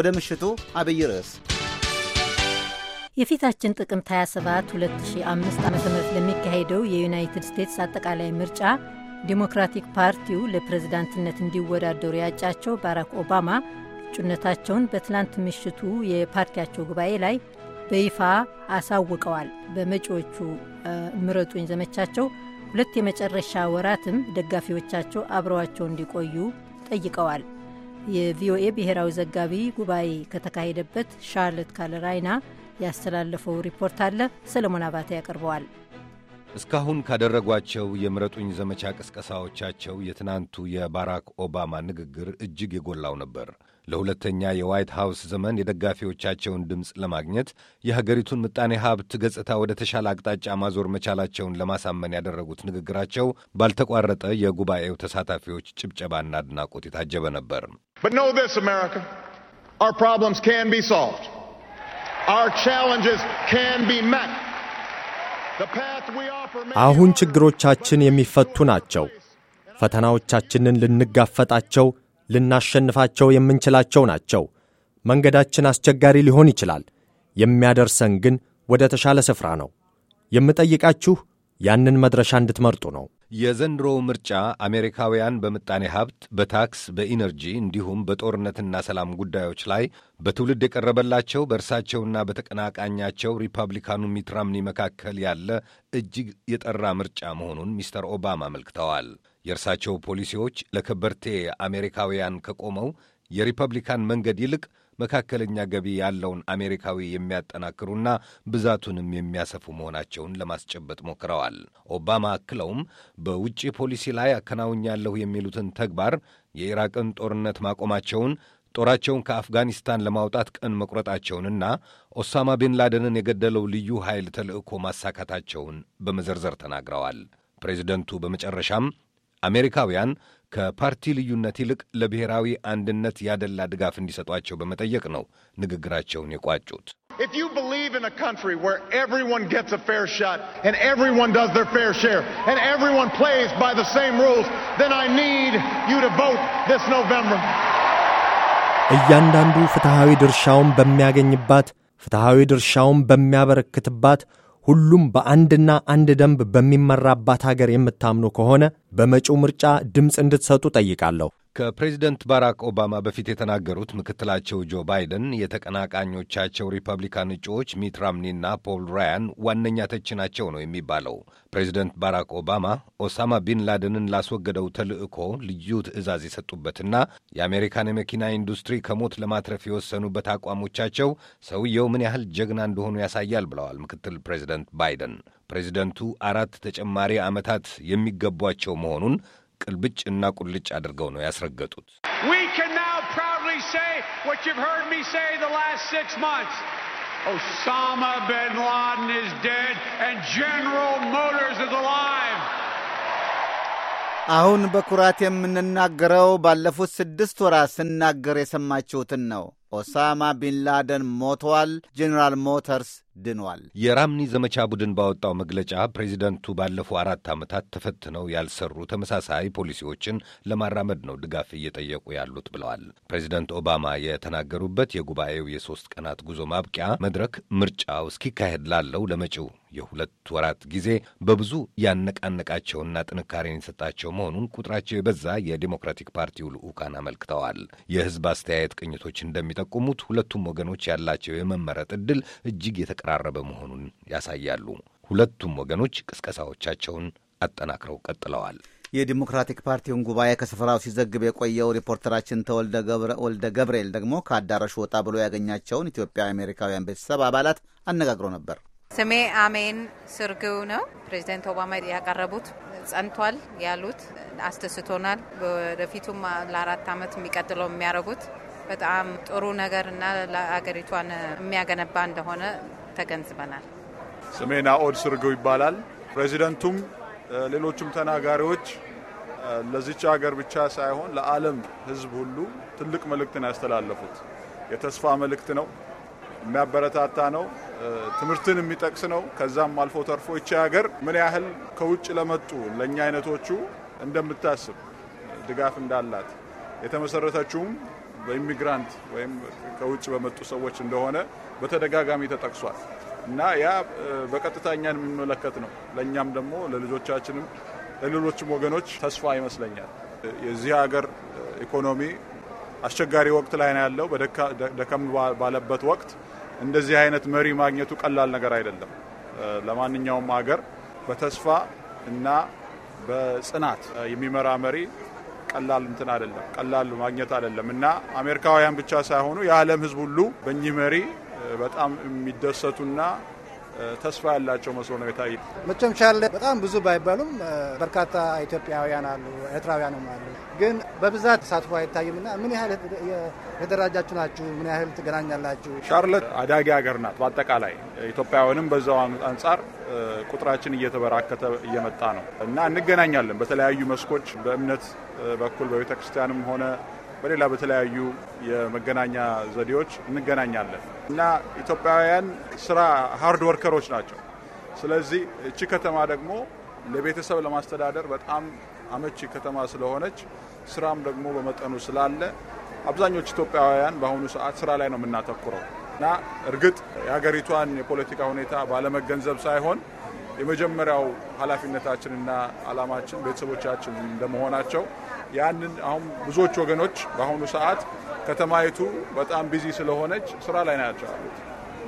ወደ ምሽቱ አብይ ርዕስ የፊታችን ጥቅምት 27 2005 ዓ ም ለሚካሄደው የዩናይትድ ስቴትስ አጠቃላይ ምርጫ ዲሞክራቲክ ፓርቲው ለፕሬዝዳንትነት እንዲወዳደሩ ያጫቸው ባራክ ኦባማ እጩነታቸውን በትላንት ምሽቱ የፓርቲያቸው ጉባኤ ላይ በይፋ አሳውቀዋል። በመጪዎቹ ምረጡኝ ዘመቻቸው ሁለት የመጨረሻ ወራትም ደጋፊዎቻቸው አብረዋቸው እንዲቆዩ ጠይቀዋል። የቪኦኤ ብሔራዊ ዘጋቢ ጉባኤ ከተካሄደበት ሻርለት ካለራይና ያስተላለፈው ሪፖርት አለ። ሰለሞን አባተ ያቀርበዋል። እስካሁን ካደረጓቸው የምረጡኝ ዘመቻ ቅስቀሳዎቻቸው የትናንቱ የባራክ ኦባማ ንግግር እጅግ የጎላው ነበር። ለሁለተኛ የዋይት ሃውስ ዘመን የደጋፊዎቻቸውን ድምፅ ለማግኘት የሀገሪቱን ምጣኔ ሀብት ገጽታ ወደ ተሻለ አቅጣጫ ማዞር መቻላቸውን ለማሳመን ያደረጉት ንግግራቸው ባልተቋረጠ የጉባኤው ተሳታፊዎች ጭብጨባና አድናቆት የታጀበ ነበር። አሁን ችግሮቻችን የሚፈቱ ናቸው። ፈተናዎቻችንን ልንጋፈጣቸው ልናሸንፋቸው የምንችላቸው ናቸው። መንገዳችን አስቸጋሪ ሊሆን ይችላል። የሚያደርሰን ግን ወደ ተሻለ ስፍራ ነው። የምጠይቃችሁ ያንን መድረሻ እንድትመርጡ ነው። የዘንድሮ ምርጫ አሜሪካውያን በምጣኔ ሀብት፣ በታክስ፣ በኢነርጂ እንዲሁም በጦርነትና ሰላም ጉዳዮች ላይ በትውልድ የቀረበላቸው በእርሳቸውና በተቀናቃኛቸው ሪፐብሊካኑ ሚት መካከል ያለ እጅግ የጠራ ምርጫ መሆኑን ሚስተር ኦባማ አመልክተዋል። የእርሳቸው ፖሊሲዎች ለከበርቴ አሜሪካውያን ከቆመው የሪፐብሊካን መንገድ ይልቅ መካከለኛ ገቢ ያለውን አሜሪካዊ የሚያጠናክሩና ብዛቱንም የሚያሰፉ መሆናቸውን ለማስጨበጥ ሞክረዋል። ኦባማ አክለውም በውጭ ፖሊሲ ላይ አከናውኛለሁ የሚሉትን ተግባር የኢራቅን ጦርነት ማቆማቸውን ጦራቸውን ከአፍጋኒስታን ለማውጣት ቀን መቁረጣቸውንና ኦሳማ ቢን ላደንን የገደለው ልዩ ኃይል ተልዕኮ ማሳካታቸውን በመዘርዘር ተናግረዋል። ፕሬዚደንቱ በመጨረሻም አሜሪካውያን ከፓርቲ ልዩነት ይልቅ ለብሔራዊ አንድነት ያደላ ድጋፍ እንዲሰጧቸው በመጠየቅ ነው ንግግራቸውን የቋጩት። If you believe in a country where everyone gets a fair shot and everyone does their fair share and everyone plays by the same rules, then I need you to vote this November. እያንዳንዱ ፍትሐዊ ድርሻውን በሚያገኝባት፣ ፍትሐዊ ድርሻውን በሚያበረክትባት ሁሉም በአንድና አንድ ደንብ በሚመራባት ሀገር የምታምኑ ከሆነ በመጪው ምርጫ ድምፅ እንድትሰጡ ጠይቃለሁ። ከፕሬዚደንት ባራክ ኦባማ በፊት የተናገሩት ምክትላቸው ጆ ባይደን የተቀናቃኞቻቸው ሪፐብሊካን እጩዎች ሚት ራምኒና ፖል ራያን ዋነኛ ተቺ ናቸው ነው የሚባለው። ፕሬዚደንት ባራክ ኦባማ ኦሳማ ቢን ላደንን ላስወገደው ተልዕኮ ልዩ ትዕዛዝ የሰጡበትና የአሜሪካን የመኪና ኢንዱስትሪ ከሞት ለማትረፍ የወሰኑበት አቋሞቻቸው ሰውየው ምን ያህል ጀግና እንደሆኑ ያሳያል ብለዋል ምክትል ፕሬዚደንት ባይደን። ፕሬዚደንቱ አራት ተጨማሪ ዓመታት የሚገቧቸው መሆኑን ቅልብጭ እና ቁልጭ አድርገው ነው ያስረገጡት። Osama bin Laden is dead and General Motors is alive. አሁን በኩራት የምንናገረው ባለፉት ስድስት ወራት ስናገር የሰማችሁትን ነው። ኦሳማ ቢንላደን ሞተዋል፣ ጄኔራል ሞተርስ ድኗል። የራምኒ ዘመቻ ቡድን ባወጣው መግለጫ ፕሬዚደንቱ ባለፉ አራት ዓመታት ተፈትነው ያልሰሩ ተመሳሳይ ፖሊሲዎችን ለማራመድ ነው ድጋፍ እየጠየቁ ያሉት ብለዋል። ፕሬዚደንት ኦባማ የተናገሩበት የጉባኤው የሶስት ቀናት ጉዞ ማብቂያ መድረክ ምርጫው እስኪካሄድ ላለው ለመጪው የሁለት ወራት ጊዜ በብዙ ያነቃነቃቸውና ጥንካሬን የሰጣቸው መሆኑን ቁጥራቸው የበዛ የዲሞክራቲክ ፓርቲው ልዑካን አመልክተዋል። የህዝብ አስተያየት ቅኝቶች እንደሚጠቁሙት ሁለቱም ወገኖች ያላቸው የመመረጥ ዕድል እጅግ የተ እየተቀራረበ መሆኑን ያሳያሉ። ሁለቱም ወገኖች ቅስቀሳዎቻቸውን አጠናክረው ቀጥለዋል። የዲሞክራቲክ ፓርቲውን ጉባኤ ከስፍራው ሲዘግብ የቆየው ሪፖርተራችን ተወልደ ገብርኤል ደግሞ ከአዳራሹ ወጣ ብሎ ያገኛቸውን ኢትዮጵያ አሜሪካውያን ቤተሰብ አባላት አነጋግሮ ነበር። ስሜ አሜን ስርግው ነው። ፕሬዚደንት ኦባማ ያቀረቡት ጸንቷል ያሉት አስደስቶናል። ወደፊቱም ለአራት ዓመት የሚቀጥለው የሚያደርጉት በጣም ጥሩ ነገር እና ለአገሪቷን የሚያገነባ እንደሆነ ተገንዝበናል። ስሜ ናኦድ ስርገው ይባላል። ፕሬዚደንቱም ሌሎችም ተናጋሪዎች ለዚች ሀገር ብቻ ሳይሆን ለዓለም ሕዝብ ሁሉ ትልቅ መልእክትን ያስተላለፉት የተስፋ መልእክት ነው። የሚያበረታታ ነው። ትምህርትን የሚጠቅስ ነው። ከዛም አልፎ ተርፎ ይቺ ሀገር ምን ያህል ከውጭ ለመጡ ለእኛ አይነቶቹ እንደምታስብ ድጋፍ እንዳላት የተመሰረተችውም በኢሚግራንት ወይም ከውጭ በመጡ ሰዎች እንደሆነ በተደጋጋሚ ተጠቅሷል እና ያ በቀጥታ እኛን የሚመለከት ነው። ለእኛም ደግሞ ለልጆቻችንም ለሌሎችም ወገኖች ተስፋ ይመስለኛል። የዚህ ሀገር ኢኮኖሚ አስቸጋሪ ወቅት ላይ ነው ያለው። በደከም ባለበት ወቅት እንደዚህ አይነት መሪ ማግኘቱ ቀላል ነገር አይደለም። ለማንኛውም ሀገር በተስፋ እና በጽናት የሚመራ መሪ ቀላል እንትን አይደለም፣ ቀላል ማግኘት አይደለም እና አሜሪካውያን ብቻ ሳይሆኑ የዓለም ሕዝብ ሁሉ በእኚህ መሪ በጣም የሚደሰቱና ተስፋ ያላቸው መስሎ ነው የታየ። መቼም ቻለ በጣም ብዙ ባይባሉም በርካታ ኢትዮጵያውያን አሉ፣ ኤርትራውያንም አሉ። ግን በብዛት ተሳትፎ እና ምን ያህል የተደራጃችሁ ናችሁ? ምን ያህል ትገናኛላችሁ? ሻርለት አዳጊ ሀገር ናት። በአጠቃላይ ኢትዮጵያውያንም በዛው አንጻር ቁጥራችን እየተበራከተ እየመጣ ነው እና እንገናኛለን በተለያዩ መስኮች በእምነት በኩል በቤተክርስቲያንም ሆነ በሌላ በተለያዩ የመገናኛ ዘዴዎች እንገናኛለን እና ኢትዮጵያውያን ስራ ሀርድ ወርከሮች ናቸው። ስለዚህ እቺ ከተማ ደግሞ ለቤተሰብ ለማስተዳደር በጣም አመቺ ከተማ ስለሆነች ስራም ደግሞ በመጠኑ ስላለ አብዛኞቹ ኢትዮጵያውያን በአሁኑ ሰዓት ስራ ላይ ነው የምናተኩረው እና እርግጥ የሀገሪቷን የፖለቲካ ሁኔታ ባለመገንዘብ ሳይሆን የመጀመሪያው ኃላፊነታችንና ዓላማችን ቤተሰቦቻችን እንደመሆናቸው ያንን አሁን ብዙዎች ወገኖች በአሁኑ ሰዓት ከተማይቱ በጣም ቢዚ ስለሆነች ስራ ላይ ናቸው አሉት።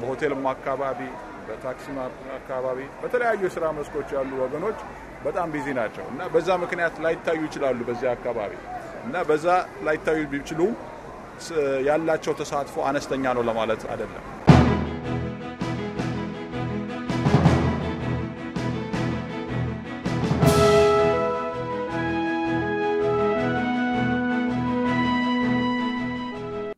በሆቴልም አካባቢ፣ በታክሲም አካባቢ፣ በተለያዩ የስራ መስኮች ያሉ ወገኖች በጣም ቢዚ ናቸው እና በዛ ምክንያት ላይታዩ ይችላሉ በዚያ አካባቢ እና በዛ ላይታዩ ቢችሉ ያላቸው ተሳትፎ አነስተኛ ነው ለማለት አይደለም።